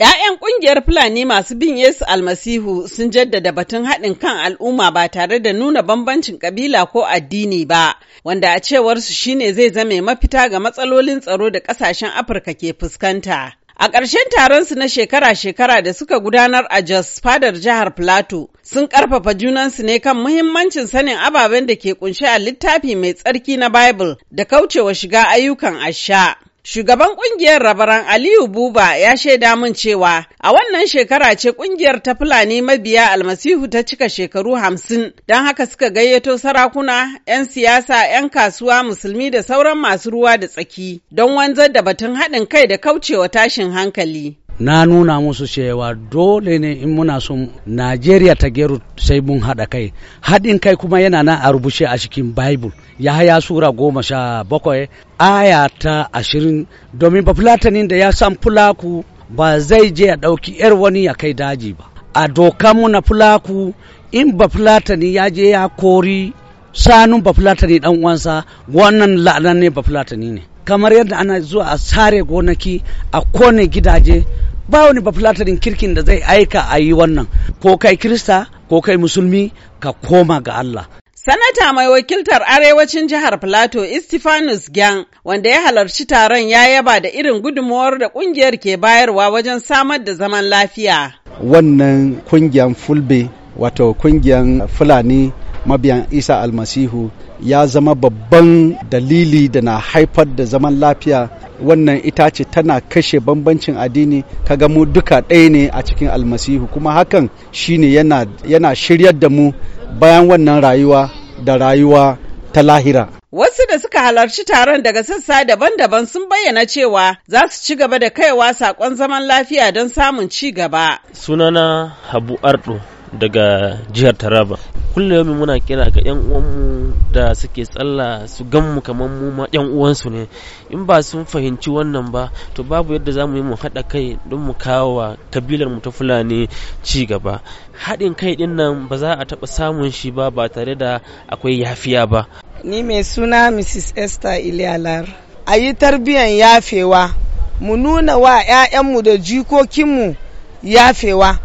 ‘Ya'yan ƙungiyar Fulani masu bin Yesu almasihu sun jaddada batun haɗin kan al'umma ba tare da nuna bambancin ƙabila ko addini ba, wanda a cewarsu shine zai zame mafita ga matsalolin tsaro da ƙasashen Afirka ke fuskanta. A ƙarshen taron su na shekara-shekara da suka gudanar a Jos Fadar Jihar Plateau sun ƙarfafa junansu ne kan muhimmancin sanin ababen da ke kunshe a littafi mai tsarki na Bible da kaucewa shiga ayyukan asha. Shugaban kungiyar rabaran Aliyu Buba ya shaida mun cewa a wannan shekara ce kungiyar ta Fulani mabiya almasihu ta cika shekaru hamsin don haka suka gayyato sarakuna, 'yan siyasa, 'yan kasuwa, musulmi da sauran masu ruwa da tsaki don wanzar da batun haɗin kai da kaucewa tashin hankali. na nuna musu cewa dole ne in muna so najeriya ta geru sai mun haɗa kai haɗin kai kuma yana nan a rubuce a cikin bible ya haya sura goma sha bakwai aya ta ashirin domin ba fulatanin da ya san fulaku ba zai je ya ɗauki yar wani ya kai daji ba a doka na fulaku in ba fulatani ya je ya kori sanun ba fulatani ɗan uwansa wannan la'anan ne ba fulatani ne kamar yadda ana zuwa a sare gonaki a kone gidaje ba wani bafulatarin kirkin da zai aika a yi wannan ko kai kirista ko kai musulmi ka koma ga Allah. Sanata mai wakiltar arewacin jihar Filato Istifanus Gyan wanda ya halarci taron ya yaba da irin gudunmuwar da kungiyar ke bayarwa wajen samar da zaman lafiya. Wannan kungiyar Fulbe wato kungiyar Fulani mabiyan isa almasihu ya zama babban dalili da na haifar da zaman lafiya wannan itace tana kashe bambancin addini kaga mu duka ɗaya ne a cikin almasihu kuma hakan shine yana, yana shiryar da mu bayan wannan rayuwa da rayuwa ta lahira Wasu da suka halarci taron daga sassa daban-daban sun bayyana cewa za su ci gaba da kaiwa saƙon zaman lafiya don samun ci gaba. Sunana Habu Ardo daga jihar Taraba. kullum muna kira ga yan uwanmu da suke tsalla su ganmu kamar mu ma yan uwansu ne in ba sun fahimci wannan ba to babu yadda za mu yi mu haɗa kai don mu kawo wa kabilar mu ta fulani ci gaba haɗin kai ɗin nan ba za a taɓa samun shi ba ba tare da akwai yafiya ba ni mai suna mrs esther iliyalar a yi tarbiyan yafewa mu nuna wa 'ya'yanmu da jikokinmu yafewa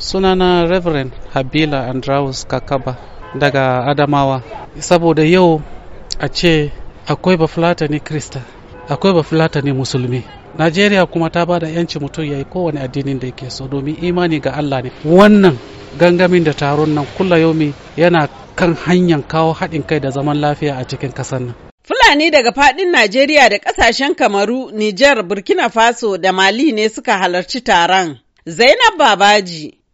sunana reverend habila andraus kakaba daga adamawa saboda yau a ce akwai ne krista akwai ne musulmi najeriya kuma ta bada yanci mutum ya yi kowane addinin da yake so domin imani ga allah ne wannan gangamin da taron nan kula yomi yana kan hanyar kawo haɗin kai da zaman lafiya a cikin ƙasar nan Fulani daga faɗin Najeriya da ƙasashen Kamaru, Nijar, Burkina Faso da Mali ne suka halarci taron. Zainab Babaji,